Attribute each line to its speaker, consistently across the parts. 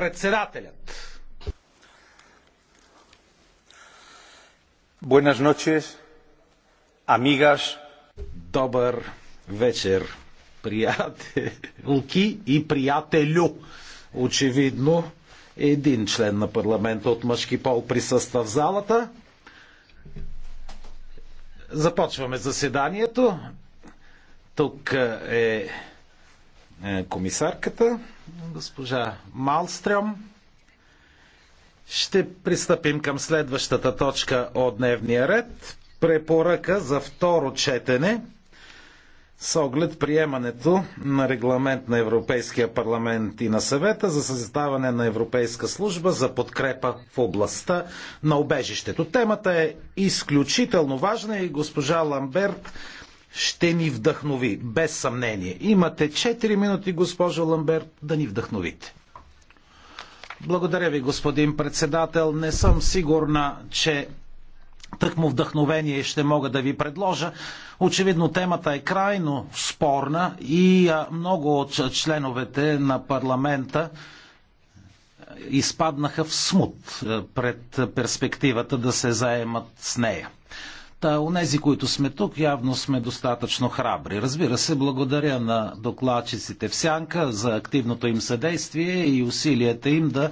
Speaker 1: Председателят. Buenas noches, amigas. Добър вечер, приятелки и приятелю. Очевидно, един член на парламента от мъжки пол присъства в залата. Започваме заседанието. Тук е е, комисарката, госпожа Малстрем. Ще пристъпим към следващата точка от дневния ред. Препоръка за второ четене с оглед приемането на регламент на Европейския парламент и на съвета за създаване на Европейска служба за подкрепа в областта на обежището. Темата е изключително важна и госпожа Ламберт ще ни вдъхнови, без съмнение. Имате 4 минути, госпожо Ламберт, да ни вдъхновите. Благодаря ви, господин председател. Не съм сигурна, че тъкмо вдъхновение ще мога да ви предложа. Очевидно темата е крайно спорна и много от членовете на парламента изпаднаха в смут пред перспективата да се заемат с нея. Та, онези, които сме тук, явно сме достатъчно храбри. Разбира се, благодаря на докладчиците в Сянка за активното им съдействие и усилията им да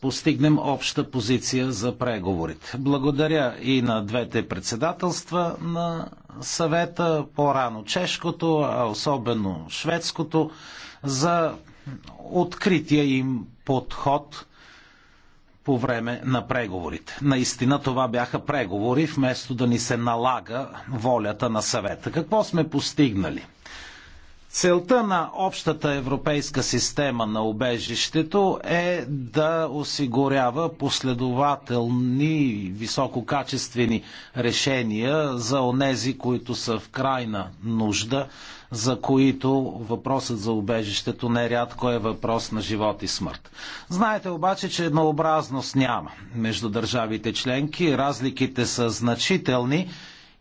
Speaker 1: постигнем обща позиция за преговорите. Благодаря и на двете председателства на съвета, по-рано чешкото, а особено шведското, за открития им подход по време на преговорите. Наистина това бяха преговори, вместо да ни се налага волята на съвета. Какво сме постигнали? Целта на общата европейска система на убежището е да осигурява последователни, висококачествени решения за онези, които са в крайна нужда, за които въпросът за убежището нерядко е въпрос на живот и смърт. Знаете обаче, че еднообразност няма между държавите членки, разликите са значителни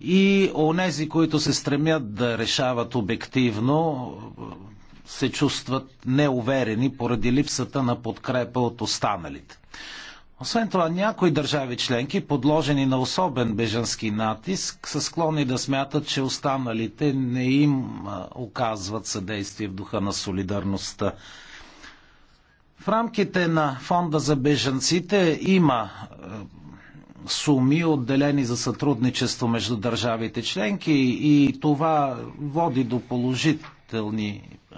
Speaker 1: и онези, които се стремят да решават обективно, се чувстват неуверени поради липсата на подкрепа от останалите. Освен това, някои държави членки, подложени на особен бежански натиск, са склонни да смятат, че останалите не им оказват съдействие в духа на солидарността. В рамките на фонда за бежанците има суми, отделени за сътрудничество между държавите членки и това води до положителни е,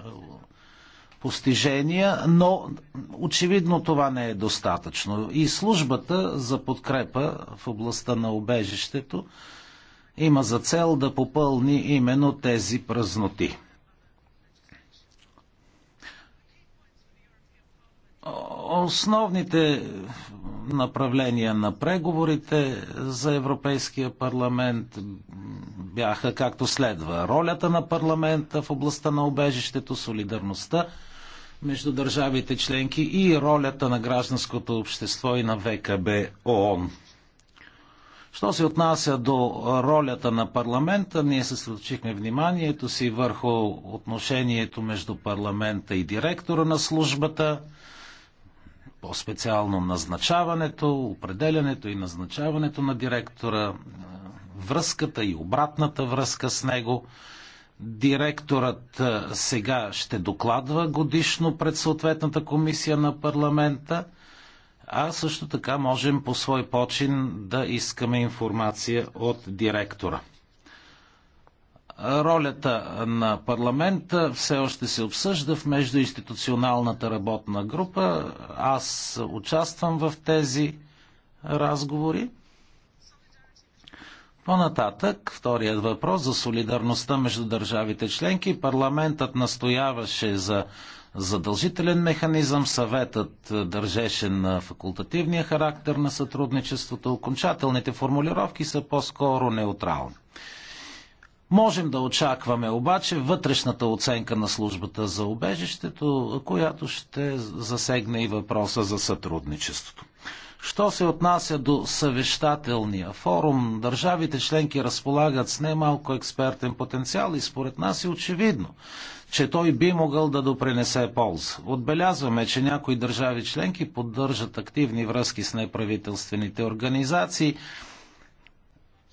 Speaker 1: постижения, но очевидно това не е достатъчно. И службата за подкрепа в областта на обежището има за цел да попълни именно тези празноти. Основните направления на преговорите за Европейския парламент бяха както следва. Ролята на парламента в областта на обежището, солидарността между държавите членки и ролята на гражданското общество и на ВКБ ООН. Що се отнася до ролята на парламента, ние съсредоточихме вниманието си върху отношението между парламента и директора на службата – по-специално назначаването, определянето и назначаването на директора, връзката и обратната връзка с него. Директорът сега ще докладва годишно пред съответната комисия на парламента, а също така можем по свой почин да искаме информация от директора. Ролята на парламента все още се обсъжда в междуинституционалната работна група. Аз участвам в тези разговори. По-нататък, вторият въпрос за солидарността между държавите членки. Парламентът настояваше за задължителен механизъм, съветът държеше на факултативния характер на сътрудничеството. Окончателните формулировки са по-скоро неутрални. Можем да очакваме обаче вътрешната оценка на службата за убежището, която ще засегне и въпроса за сътрудничеството. Що се отнася до съвещателния форум, държавите членки разполагат с немалко експертен потенциал и според нас е очевидно, че той би могъл да допринесе полза. Отбелязваме, че някои държави членки поддържат активни връзки с неправителствените организации –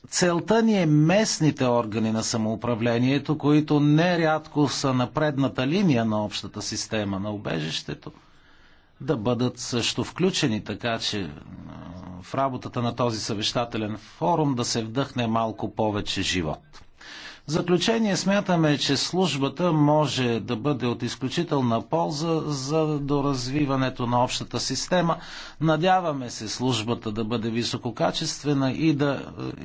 Speaker 1: Целта ни е местните органи на самоуправлението, които нерядко са на предната линия на общата система на убежището, да бъдат също включени, така че в работата на този съвещателен форум да се вдъхне малко повече живот. В заключение смятаме, че службата може да бъде от изключителна полза за доразвиването на общата система. Надяваме се службата да бъде висококачествена и да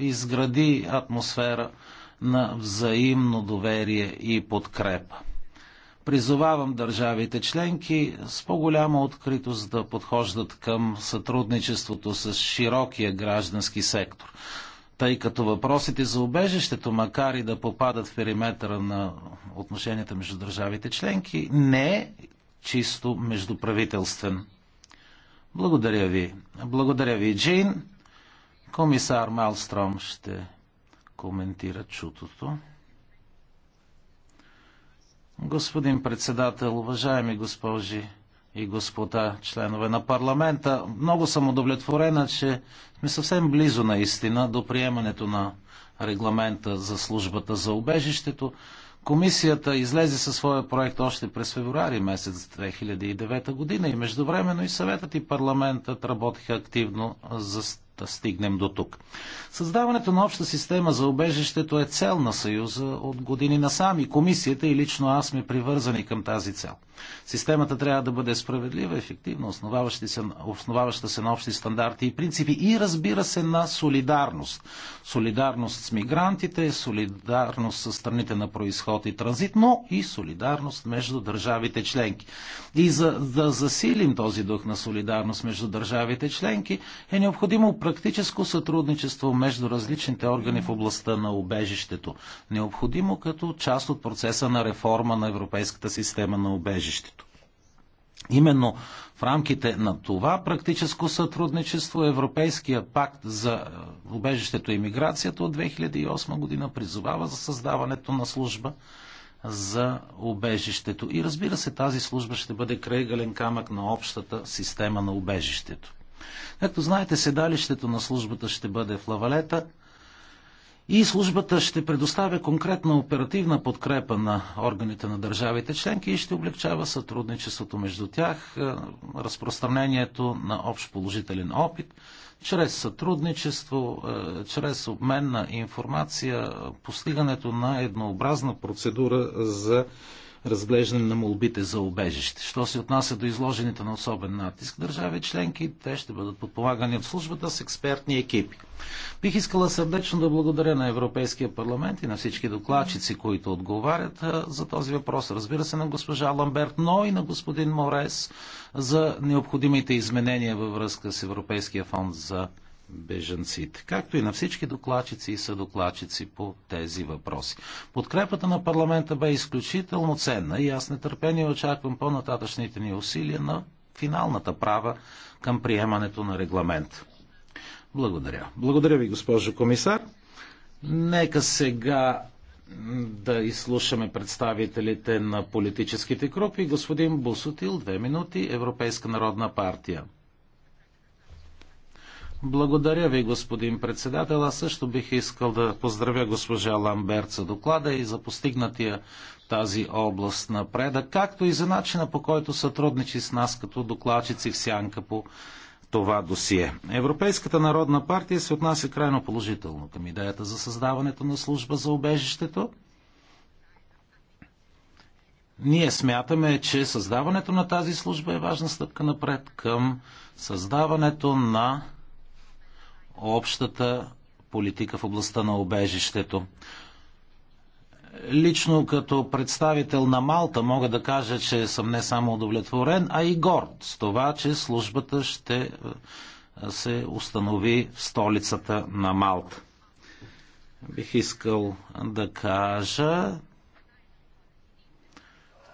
Speaker 1: е, изгради атмосфера на взаимно доверие и подкрепа. Призовавам държавите членки с по-голяма откритост да подхождат към сътрудничеството с широкия граждански сектор тъй като въпросите за убежището, макар и да попадат в периметъра на отношенията между държавите членки, не е чисто междуправителствен. Благодаря ви. Благодаря ви, Джин. Комисар Малстром ще коментира чутото. Господин председател, уважаеми госпожи и господа членове на парламента. Много съм удовлетворена, че сме съвсем близо наистина до приемането на регламента за службата за убежището. Комисията излезе със своя проект още през февруари месец 2009 година и междувременно и съветът и парламентът работиха активно за да стигнем до тук. Създаването на обща система за обежището е цел на Съюза от години насам и комисията и лично аз сме привързани към тази цел. Системата трябва да бъде справедлива, ефективна, основаваща се, основаваща се на общи стандарти и принципи и разбира се на солидарност. Солидарност с мигрантите, солидарност с страните на происход и транзит, но и солидарност между държавите членки. И за да засилим този дух на солидарност между държавите членки е необходимо практическо сътрудничество между различните органи в областта на убежището, необходимо като част от процеса на реформа на европейската система на убежището. Именно в рамките на това практическо сътрудничество Европейския пакт за е, убежището и миграцията от 2008 година призовава за създаването на служба за убежището. И разбира се, тази служба ще бъде крайгален камък на общата система на убежището. Както знаете, седалището на службата ще бъде в Лавалета и службата ще предоставя конкретна оперативна подкрепа на органите на държавите членки и ще облегчава сътрудничеството между тях, е, разпространението на общ положителен опит, чрез сътрудничество, е, чрез обмен на информация, постигането на еднообразна процедура за разглеждане на молбите за убежище. Що се отнася до изложените на особен натиск държави членки, те ще бъдат подпомагани от службата с експертни екипи. Бих искала сърдечно да благодаря на Европейския парламент и на всички докладчици, които отговарят за този въпрос. Разбира се, на госпожа Ламберт, но и на господин Морес за необходимите изменения във връзка с Европейския фонд за бежанците, както и на всички докладчици и съдокладчици по тези въпроси. Подкрепата на парламента бе изключително ценна и аз нетърпение очаквам по-нататъчните ни усилия на финалната права към приемането на регламент. Благодаря. Благодаря ви, госпожо комисар. Нека сега да изслушаме представителите на политическите групи. Господин Бусотил, две минути, Европейска народна партия. Благодаря ви, господин председател. Аз също бих искал да поздравя госпожа Ламберт за доклада и за постигнатия тази област напреда, както и за начина по който сътрудничи с нас като докладчици в сянка по това досие. Европейската народна партия се отнася крайно положително към идеята за създаването на служба за обежището. Ние смятаме, че създаването на тази служба е важна стъпка напред към създаването на общата политика в областта на обежището. Лично като представител на Малта мога да кажа, че съм не само удовлетворен, а и горд с това, че службата ще се установи в столицата на Малта. Бих искал да кажа,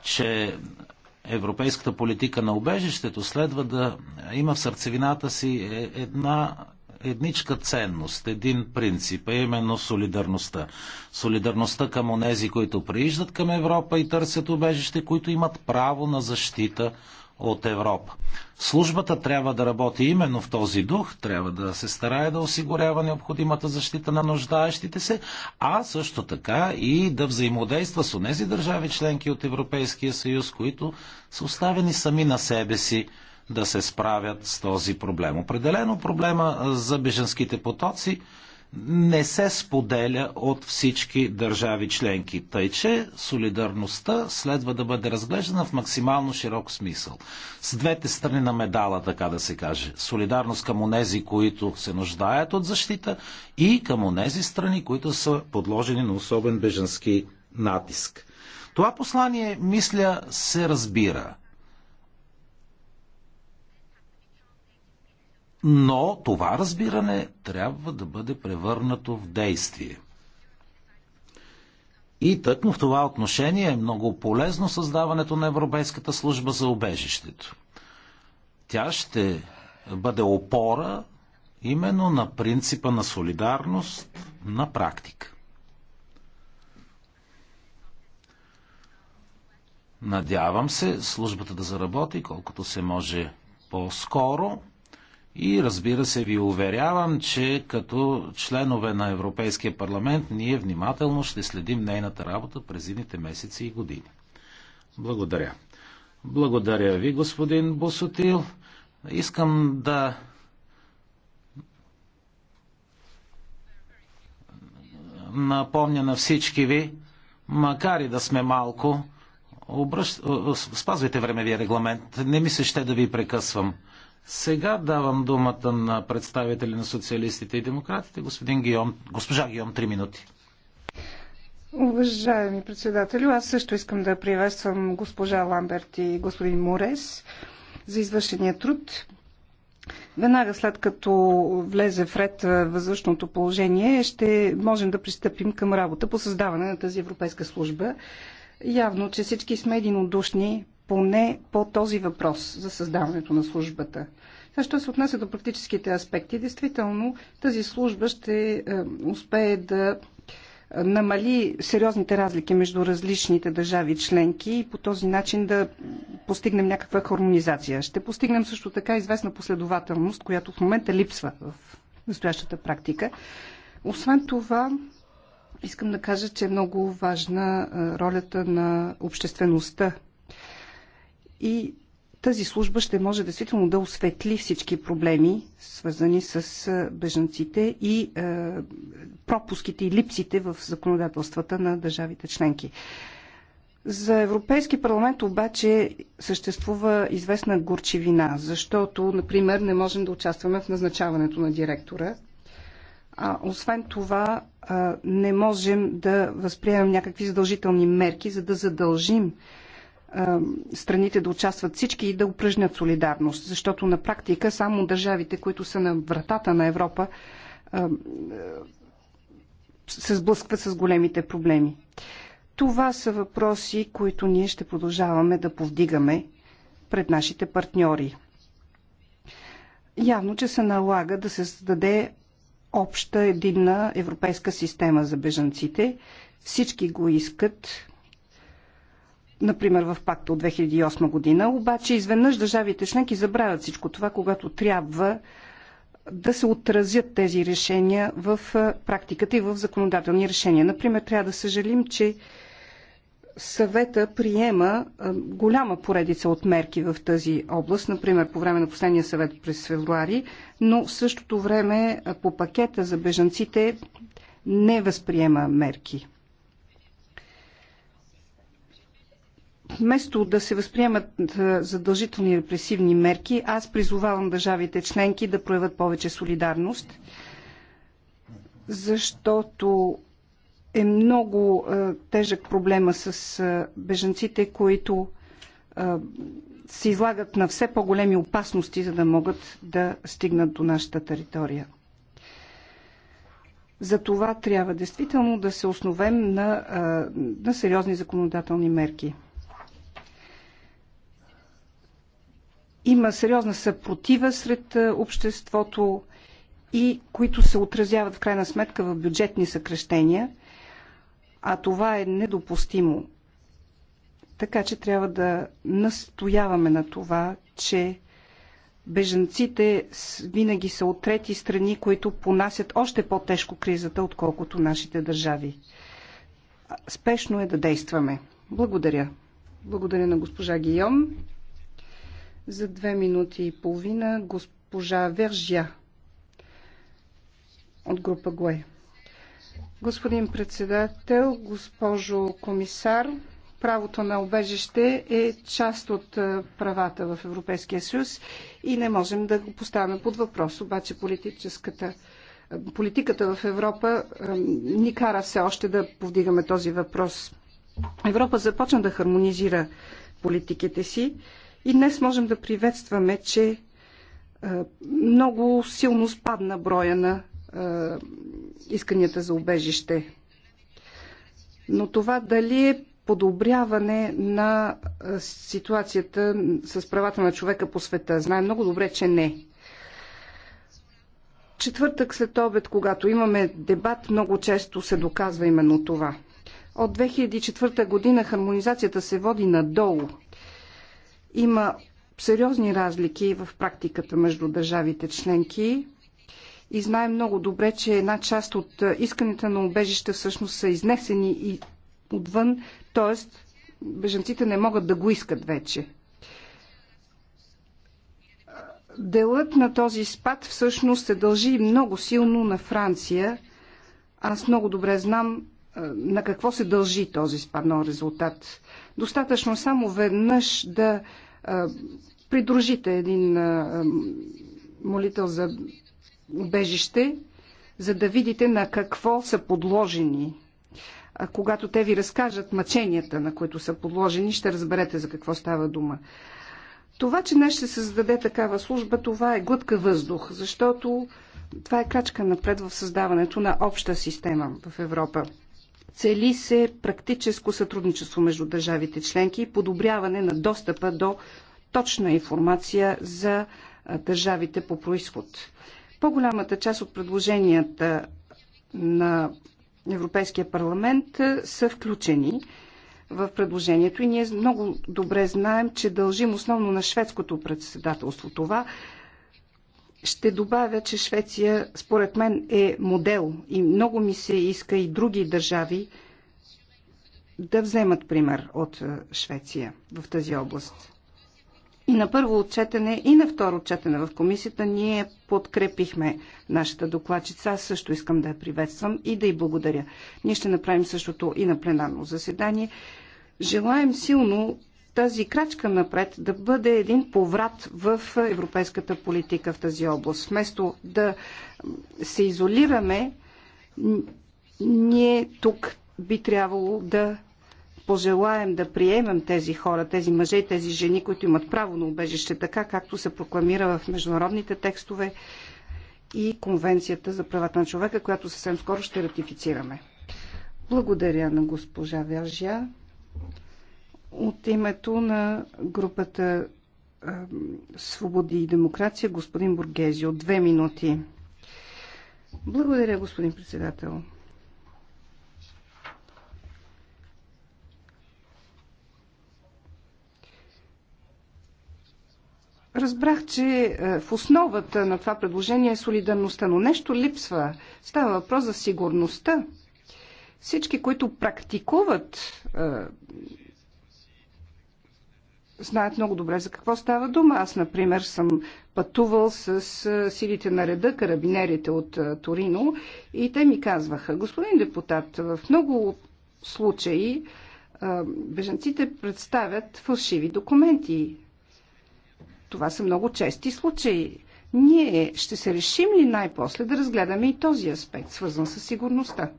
Speaker 1: че европейската политика на убежището следва да има в сърцевината си е една едничка ценност, един принцип, а е именно солидарността. Солидарността към онези, които прииждат към Европа и търсят убежище, които имат право на защита от Европа. Службата трябва да работи именно в този дух, трябва да се старае да осигурява необходимата защита на нуждаещите се, а също така и да взаимодейства с онези държави членки от Европейския съюз, които са оставени сами на себе си да се справят с този проблем. Определено проблема за беженските потоци не се споделя от всички държави членки. Тъй, че солидарността следва да бъде разглеждана в максимално широк смисъл. С двете страни на медала, така да се каже. Солидарност към онези, които се нуждаят от защита и към онези страни, които са подложени на особен беженски натиск. Това послание, мисля, се разбира. Но това разбиране трябва да бъде превърнато в действие. И тъкно в това отношение е много полезно създаването на Европейската служба за убежището. Тя ще бъде опора именно на принципа на солидарност на практика. Надявам се службата да заработи колкото се може по-скоро и разбира се, ви уверявам, че като членове на Европейския парламент ние внимателно ще следим нейната работа през едните месеци и години. Благодаря. Благодаря ви, господин Босотил. Искам да напомня на всички ви, макар и да сме малко, обръщ... спазвайте времевия регламент. Не ми се ще да ви прекъсвам. Сега давам думата на представители на социалистите и демократите, господин Гион, госпожа Гион, три минути.
Speaker 2: Уважаеми председатели, аз също искам да приветствам госпожа Ламберт и господин Морес за извършения труд. Веднага след като влезе в ред въздушното положение, ще можем да пристъпим към работа по създаване на тази европейска служба. Явно, че всички сме единодушни поне по този въпрос за създаването на службата. Това що се отнася до практическите аспекти, действително тази служба ще е, успее да е, намали сериозните разлики между различните държави членки и по този начин да постигнем някаква хармонизация. Ще постигнем също така известна последователност, която в момента липсва в настоящата практика. Освен това, искам да кажа, че е много важна е, ролята на обществеността и тази служба ще може действително да осветли всички проблеми, свързани с бежанците и е, пропуските и липсите в законодателствата на държавите членки. За Европейски парламент обаче съществува известна горчивина, защото, например, не можем да участваме в назначаването на директора. А, освен това, не можем да възприемем някакви задължителни мерки, за да задължим страните да участват всички и да упражнят солидарност, защото на практика само държавите, които са на вратата на Европа, се сблъскват с големите проблеми. Това са въпроси, които ние ще продължаваме да повдигаме пред нашите партньори. Явно, че се налага да се създаде обща единна европейска система за бежанците. Всички го искат, например в пакта от 2008 година, обаче изведнъж държавите членки забравят всичко това, когато трябва да се отразят тези решения в практиката и в законодателни решения. Например, трябва да съжалим, че съвета приема голяма поредица от мерки в тази област, например по време на последния съвет през февруари, но в същото време по пакета за бежанците не възприема мерки. Вместо да се възприемат задължителни репресивни мерки, аз призовавам държавите членки да проявят повече солидарност, защото е много е, тежък проблема с е, бежанците, които е, се излагат на все по-големи опасности, за да могат да стигнат до нашата територия. За това трябва действително да се основем на, на сериозни законодателни мерки. има сериозна съпротива сред е, обществото и които се отразяват в крайна сметка в бюджетни съкрещения, а това е недопустимо. Така че трябва да настояваме на това, че беженците винаги са от трети страни, които понасят още по-тежко кризата, отколкото нашите държави. Спешно е да действаме. Благодаря. Благодаря на госпожа Гийом. За две минути и половина госпожа Вержия от група ГОЕ. Господин председател, госпожо комисар, правото на обежище е част от правата в Европейския съюз и не можем да го поставяме под въпрос. Обаче политическата политиката в Европа ни кара все още да повдигаме този въпрос. Европа започна да хармонизира политиките си, и днес можем да приветстваме, че е, много силно спадна броя на е, исканията за убежище. Но това дали е подобряване на е, ситуацията с правата на човека по света. Знаем много добре, че не. Четвъртък след обед, когато имаме дебат, много често се доказва именно това. От 2004 година хармонизацията се води надолу има сериозни разлики в практиката между държавите членки и знае много добре, че една част от исканите на убежища всъщност са изнесени и отвън, т.е. бежанците не могат да го искат вече. Делът на този спад всъщност се дължи много силно на Франция. Аз много добре знам на какво се дължи този спаднал резултат. Достатъчно само веднъж да придружите един молител за убежище, за да видите на какво са подложени. А когато те ви разкажат мъченията, на които са подложени, ще разберете за какво става дума. Това, че днес ще се създаде такава служба, това е глътка въздух, защото това е крачка напред в създаването на обща система в Европа. Цели се практическо сътрудничество между държавите членки и подобряване на достъпа до точна информация за държавите по происход. По-голямата част от предложенията на Европейския парламент са включени в предложението и ние много добре знаем, че дължим основно на шведското председателство това, ще добавя, че Швеция според мен е модел и много ми се иска и други държави да вземат пример от е, Швеция в тази област. И на първо отчетене, и на второ отчетене в комисията ние подкрепихме нашата докладчица. Аз също искам да я приветствам и да й благодаря. Ние ще направим същото и на пленарно заседание. Желаем силно тази крачка напред да бъде един поврат в европейската политика в тази област. Вместо да се изолираме, ние тук би трябвало да пожелаем да приемем тези хора, тези мъже и тези жени, които имат право на убежище, така както се прокламира в международните текстове и Конвенцията за правата на човека, която съвсем скоро ще ратифицираме. Благодаря на госпожа Вержия. От името на групата Свободи и демокрация, господин Бургези, от две минути. Благодаря, господин председател. Разбрах, че в основата на това предложение е солидарността, но нещо липсва. Става въпрос за сигурността. Всички, които практикуват знаят много добре за какво става дума. Аз, например, съм пътувал с силите на реда, карабинерите от Торино и те ми казваха, господин депутат, в много случаи беженците представят фалшиви документи. Това са много чести случаи. Ние ще се решим ли най-после да разгледаме и този аспект, свързан с сигурността?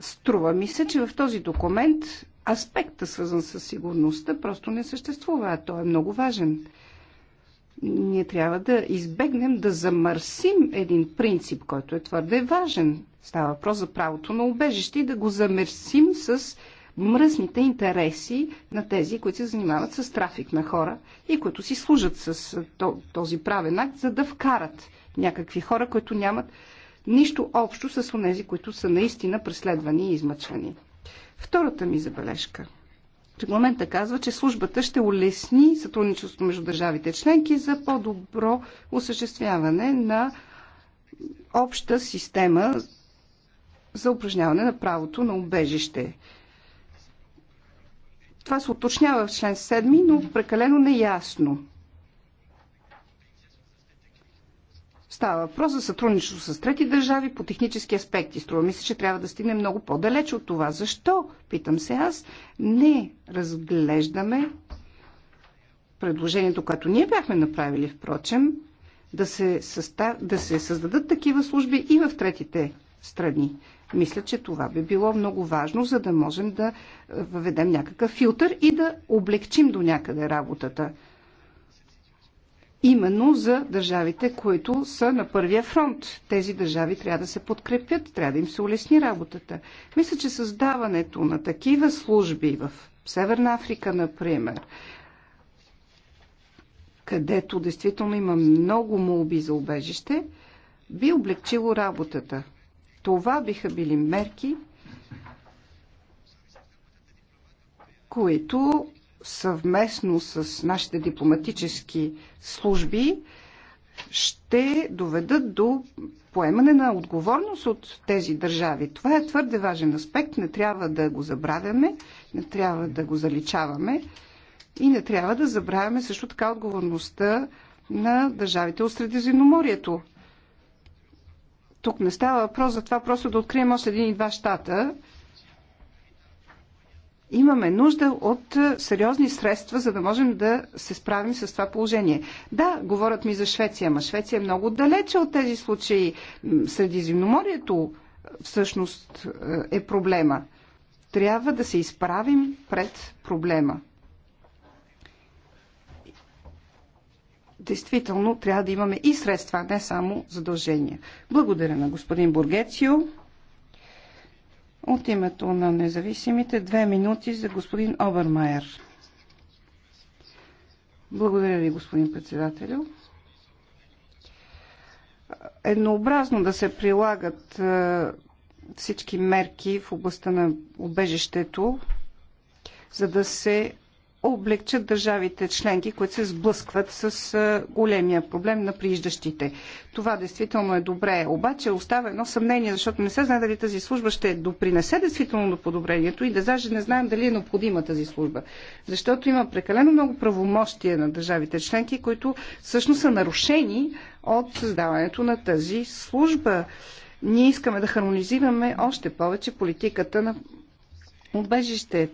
Speaker 2: Струва ми се, че в този документ аспекта, свързан с сигурността, просто не съществува, а той е много важен. Ние трябва да избегнем да замърсим един принцип, който е твърде важен. Става въпрос за правото на убежище и да го замърсим с мръсните интереси на тези, които се занимават с трафик на хора и които си служат с този правен акт, за да вкарат някакви хора, които нямат нищо общо с онези, които са наистина преследвани и измъчвани. Втората ми забележка. Регламента казва, че службата ще улесни сътрудничеството между държавите членки за по-добро осъществяване на обща система за упражняване на правото на убежище. Това се уточнява в член 7, но прекалено неясно. Става въпрос за сътрудничество с трети държави по технически аспекти. Струва ми се, че трябва да стигне много по-далеч от това. Защо, питам се аз, не разглеждаме предложението, което ние бяхме направили, впрочем, да се, състав... да се създадат такива служби и в третите страни. Мисля, че това би било много важно, за да можем да въведем някакъв филтър и да облегчим до някъде работата именно за държавите, които са на първия фронт. Тези държави трябва да се подкрепят, трябва да им се улесни работата. Мисля, че създаването на такива служби в Северна Африка, например, където действително има много молби за убежище, би облегчило работата. Това биха били мерки, които съвместно с нашите дипломатически служби ще доведат до поемане на отговорност от тези държави. Това е твърде важен аспект, не трябва да го забравяме, не трябва да го заличаваме и не трябва да забравяме също така отговорността на държавите от Средиземноморието. Тук не става въпрос за това просто да открием още един и два щата Имаме нужда от сериозни средства, за да можем да се справим с това положение. Да, говорят ми за Швеция, ама Швеция е много далече от тези случаи. Средиземноморието всъщност е проблема. Трябва да се изправим пред проблема. действително трябва да имаме и средства, не само задължения. Благодаря на господин Бургецио. От името на независимите две минути за господин Обермайер. Благодаря ви, господин председателю. Еднообразно да се прилагат е, всички мерки в областта на убежището, за да се облегчат държавите членки, които се сблъскват с големия проблем на прииждащите. Това действително е добре. Обаче остава едно съмнение, защото не се знае дали тази служба ще допринесе действително до подобрението и да даже не знаем дали е необходима тази служба. Защото има прекалено много правомощия на държавите членки, които всъщност са нарушени от създаването на тази служба. Ние искаме да хармонизираме още повече политиката на убежище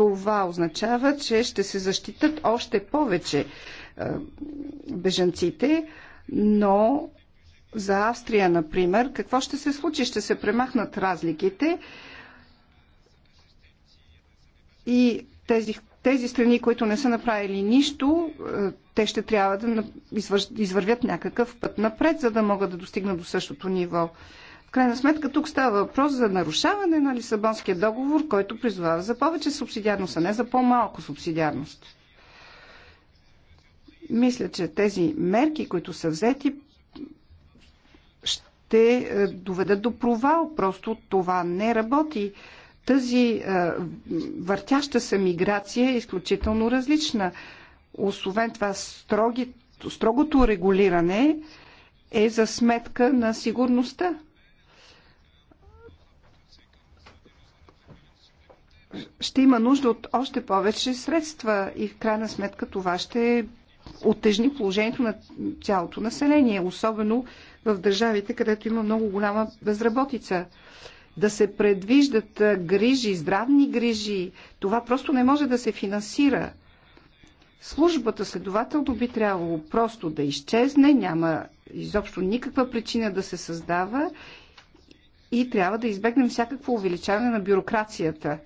Speaker 2: това означава, че ще се защитат още повече е, бежанците, но за Австрия, например, какво ще се случи? Ще се премахнат разликите и тези, тези страни, които не са направили нищо, е, те ще трябва да извървят някакъв път напред, за да могат да достигнат до същото ниво. В крайна сметка тук става въпрос за нарушаване на Лисабонския договор, който призвава за повече субсидиарност, а не за по-малко субсидиарност. Мисля, че тези мерки, които са взети, ще е, доведат до провал. Просто това не работи. Тази е, въртяща се миграция е изключително различна. Освен това, строги, строгото регулиране е за сметка на сигурността. ще има нужда от още повече средства и в крайна сметка това ще оттежни положението на цялото население, особено в държавите, където има много голяма безработица. Да се предвиждат грижи, здравни грижи, това просто не може да се финансира. Службата следователно би трябвало просто да изчезне, няма изобщо никаква причина да се създава и трябва да избегнем всякакво увеличаване на бюрокрацията.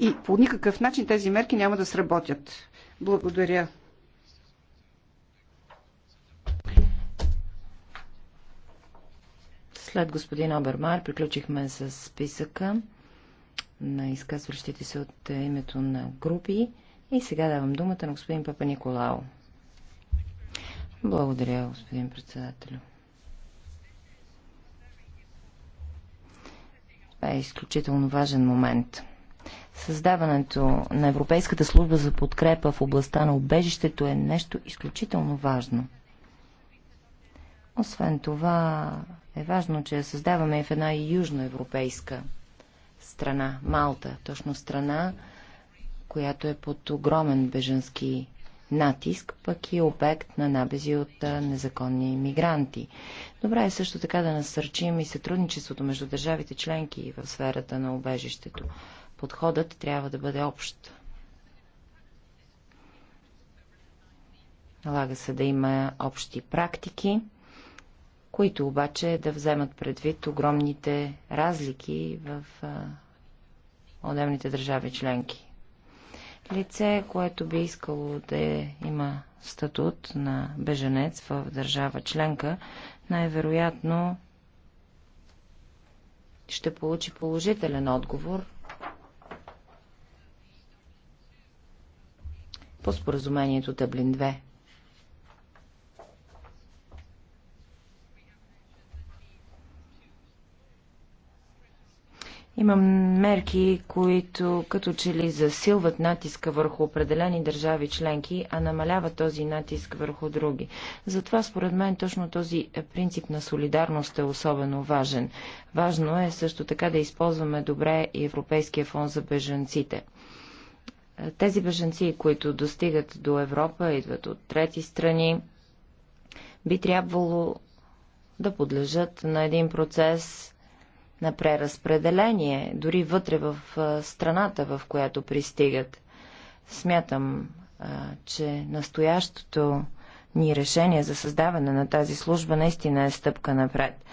Speaker 2: И по никакъв начин тези мерки няма да сработят. Благодаря. След господин Обермар
Speaker 3: приключихме с списъка на изказващите се от името на групи. И сега давам думата на господин Папа Николао. Благодаря, господин председател. Това е изключително важен момент. Създаването на Европейската служба за подкрепа в областта на убежището е нещо изключително важно. Освен това, е важно, че създаваме в една южноевропейска страна, Малта, точно страна, която е под огромен беженски натиск, пък и обект на набези от незаконни мигранти. Добре е също така да насърчим и сътрудничеството между държавите членки в сферата на убежището. Подходът трябва да бъде общ. Налага се да има общи практики, които обаче да вземат предвид огромните разлики в отделните държави членки лице, което би искало да има статут на беженец в държава членка, най-вероятно ще получи положителен отговор по споразумението Таблин 2. Има мерки, които като че ли засилват натиска върху определени държави членки, а намаляват този натиск върху други. Затова, според мен, точно този принцип на солидарност е особено важен. Важно е също така да използваме добре и Европейския фонд за беженците. Тези беженци, които достигат до Европа, идват от трети страни, би трябвало да подлежат на един процес на преразпределение, дори вътре в страната, в която пристигат. Смятам, че настоящото ни решение за създаване на тази служба наистина е стъпка напред.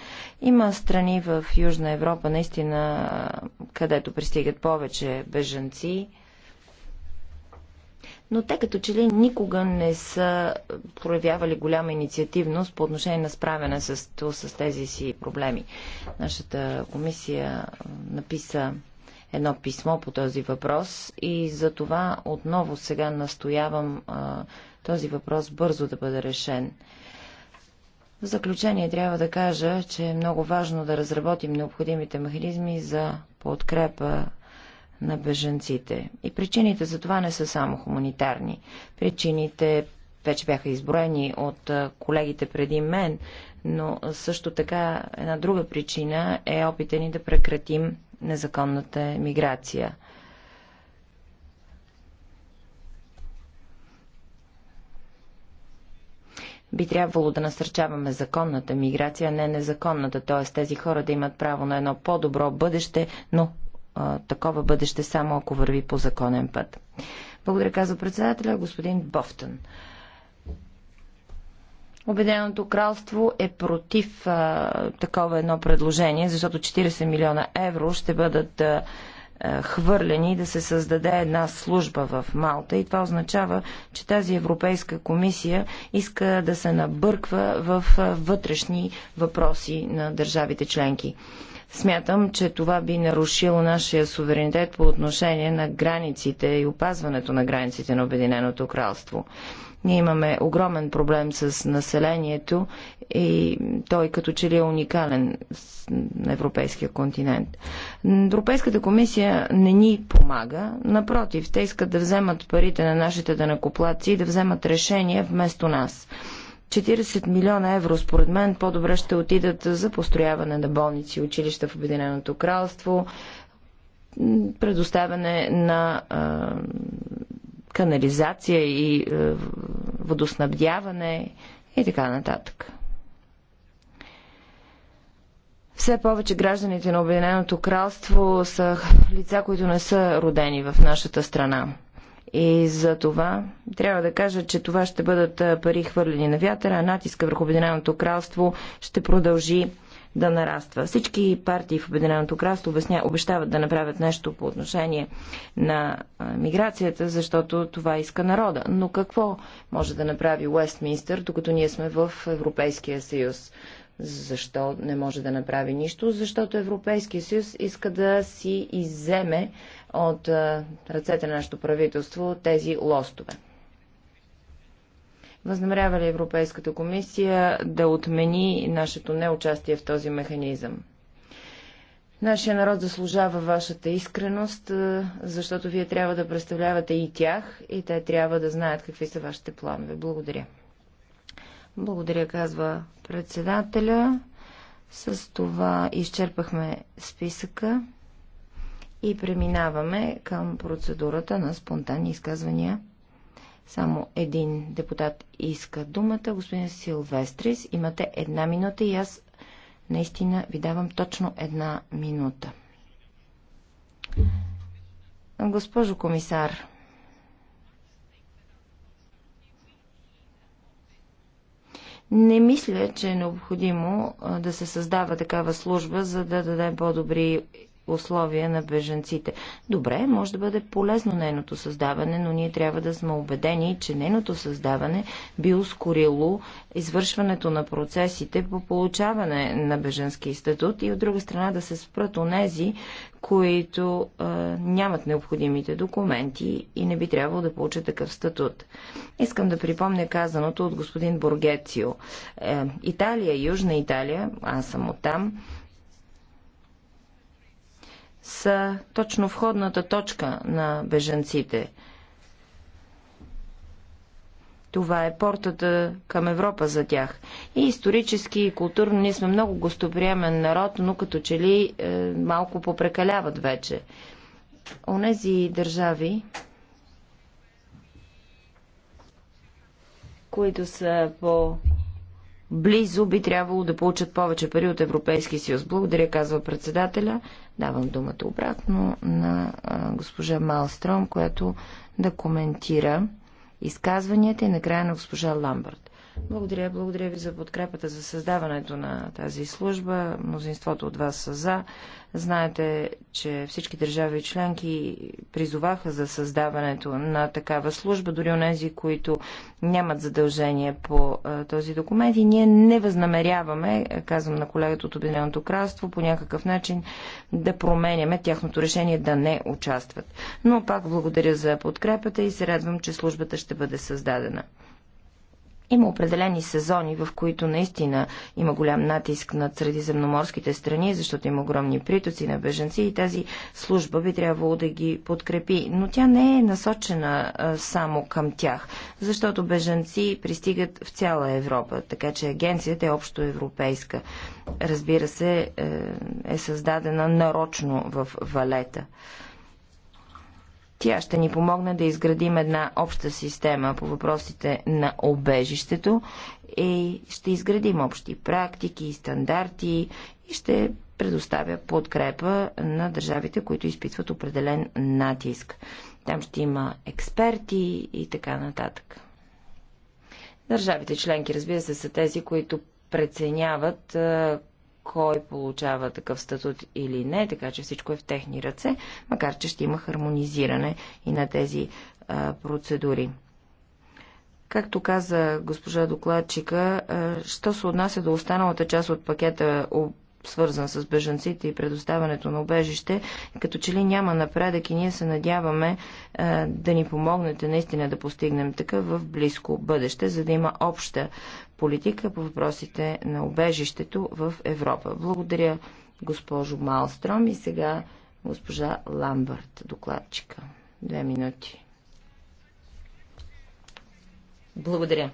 Speaker 3: Има страни в Южна Европа, наистина, където пристигат повече бежанци, но те като че ли никога не са проявявали голяма инициативност по отношение на справяне с, с тези си проблеми. Нашата комисия написа едно писмо по този въпрос и за това отново сега настоявам а, този въпрос бързо да бъде решен. В заключение трябва да кажа, че е много важно да разработим необходимите механизми за подкрепа на бежанците. И причините за това не са само хуманитарни. Причините вече бяха изброени от колегите преди мен, но също така една друга причина е опита ни да прекратим незаконната миграция. би трябвало да насърчаваме законната миграция, а не незаконната, т.е. тези хора да имат право на едно по-добро бъдеще, но такова бъдеще, само ако върви по законен път. Благодаря, казва председателя, господин Бофтън. Обединеното кралство е против а, такова едно предложение, защото 40 милиона евро ще бъдат а, хвърлени да се създаде една служба в Малта и това означава, че тази Европейска комисия иска да се набърква в вътрешни въпроси на държавите членки. Смятам, че това би нарушило нашия суверенитет по отношение на границите и опазването на границите на Обединеното кралство. Ние имаме огромен проблем с населението и той като че ли е уникален на европейския континент. Европейската комисия не ни помага. Напротив, те искат да вземат парите на нашите данакоплаци и да вземат решения вместо нас. 40 милиона евро, според мен, по-добре ще отидат за построяване на болници и училища в Обединеното кралство, предоставяне на а, канализация и а, водоснабдяване и така нататък. Все повече гражданите на Обединеното кралство са лица, които не са родени в нашата страна. И за това трябва да кажа, че това ще бъдат пари хвърлени на вятъра, а натиска върху Обединеното кралство ще продължи да нараства. Всички партии в Обединеното кралство обясня, обещават да направят нещо по отношение на миграцията, защото това иска народа. Но какво може да направи Уестминстър, докато ние сме в Европейския съюз? Защо не може да направи нищо? Защото Европейския съюз иска да си изземе от ръцете на нашето правителство тези лостове. Възнамерява ли Европейската комисия да отмени нашето неучастие в този механизъм? Нашия народ заслужава вашата искреност, защото вие трябва да представлявате и тях, и те трябва да знаят какви са вашите планове. Благодаря. Благодаря, казва председателя. С това изчерпахме списъка и преминаваме към процедурата на спонтанни изказвания. Само един депутат иска думата. Господин Силвестрис, имате една минута и аз наистина ви давам точно една минута. Госпожо комисар, Не мисля, че е необходимо да се създава такава служба, за да дадем по-добри условия на беженците. Добре, може да бъде полезно нейното създаване, но ние трябва да сме убедени, че нейното създаване би ускорило извършването на процесите по получаване на бежански статут и от друга страна да се спрат онези, които а, нямат необходимите документи и не би трябвало да получат такъв статут. Искам да припомня казаното от господин Боргецио. Е, Италия, Южна Италия, аз съм оттам, там, са точно входната точка на бежанците. Това е портата към Европа за тях. И исторически, и културно ние сме много гостоприемен народ, но като че ли е, малко попрекаляват вече. Онези държави, които са по близо, би трябвало да получат повече пари от Европейския съюз. Благодаря, казва председателя. Давам думата обратно на госпожа Малстром, която да коментира изказванията и накрая на госпожа Ламбърт. Благодаря, благодаря ви за подкрепата за създаването на тази служба. Мнозинството от вас са за. Знаете, че всички държави и членки призоваха за създаването на такава служба, дори нези, които нямат задължение по този документ. И ние не възнамеряваме, казвам на колегата от Обединеното кралство, по някакъв начин да променяме тяхното решение да не участват. Но пак благодаря за подкрепата и се радвам, че службата ще бъде създадена. Има определени сезони, в които наистина има голям натиск над средиземноморските страни, защото има огромни притоци на беженци и тази служба би трябвало да ги подкрепи. Но тя не е насочена а, само към тях, защото беженци пристигат в цяла Европа, така че агенцията е общо европейска. Разбира се, е, е създадена нарочно в Валета. Тя ще ни помогне да изградим една обща система по въпросите на обежището и ще изградим общи практики и стандарти и ще предоставя подкрепа на държавите, които изпитват определен натиск. Там ще има експерти и така нататък. Държавите членки, разбира се, са тези, които преценяват кой получава такъв статут или не, така че всичко е в техни ръце, макар че ще има хармонизиране и на тези а, процедури. Както каза госпожа докладчика, що се отнася до останалата част от пакета свързан с бежанците и предоставянето на обежище, като че ли няма напредък и ние се надяваме а, е, да ни помогнете наистина да постигнем така в близко бъдеще, за да има обща политика по въпросите на обежището в Европа. Благодаря, госпожо Малстром и сега госпожа Ламбърт, докладчика. Две минути. Благодаря.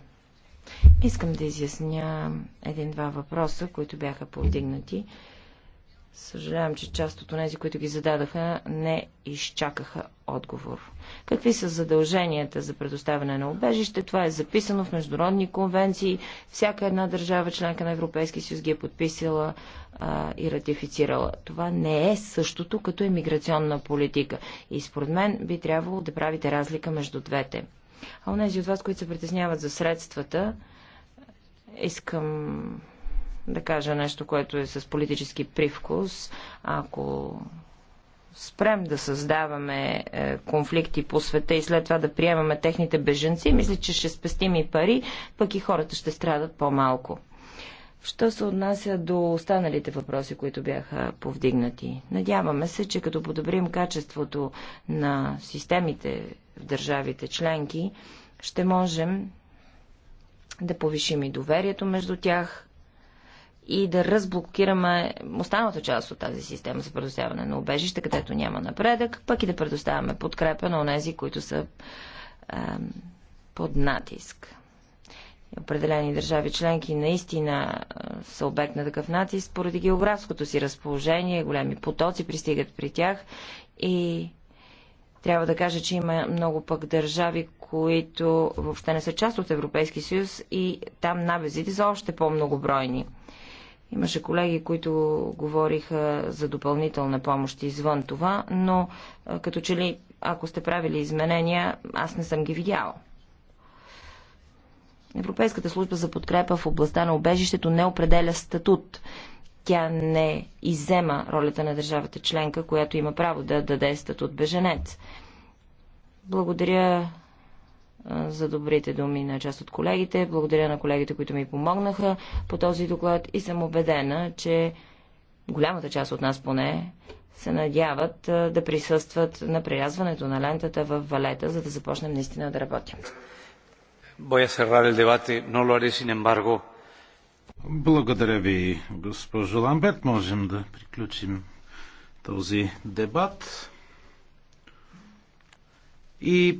Speaker 3: Искам да изясня един-два въпроса, които бяха повдигнати. Съжалявам, че част от тези, които ги зададаха, не изчакаха отговор. Какви са задълженията за предоставяне на убежище? Това е записано в международни конвенции. Всяка една държава, членка на Европейския съюз, ги е подписала а, и ратифицирала. Това не е същото като иммиграционна политика. И според мен би трябвало да правите разлика между двете. А онези от вас, които се притесняват за средствата, искам да кажа нещо, което е с политически привкус. Ако спрем да създаваме е, конфликти по света и след това да приемаме техните беженци, мисля, че ще спестим и пари, пък и хората ще страдат по-малко. Що се отнася до останалите въпроси, които бяха повдигнати? Надяваме се, че като подобрим качеството на системите в държавите членки, ще можем да повишим и доверието между тях и да разблокираме останалата част от тази система за предоставяне на убежище, където няма напредък, пък и да предоставяме подкрепа на онези, които са е, под натиск определени държави членки наистина са обект на такъв натиск поради географското си разположение, големи потоци пристигат при тях и трябва да кажа, че има много пък държави, които въобще не са част от Европейски съюз и там набезите са още по-многобройни. Имаше колеги, които говориха за допълнителна помощ извън това, но като че ли, ако сте правили изменения, аз не съм ги видяла. Европейската служба за подкрепа в областта на обежището не определя статут. Тя не иззема ролята на държавата членка, която има право да даде статут беженец. Благодаря за добрите думи на част от колегите. Благодаря на колегите, които ми помогнаха по този доклад и съм убедена, че голямата част от нас поне се надяват да присъстват на прирязването на лентата в Валета, за да започнем наистина да работим.
Speaker 1: Voy a cerrar el debate. No lo haré, sin embargo. Благодаря ви, госпожо Ламберт. Можем да приключим този дебат. И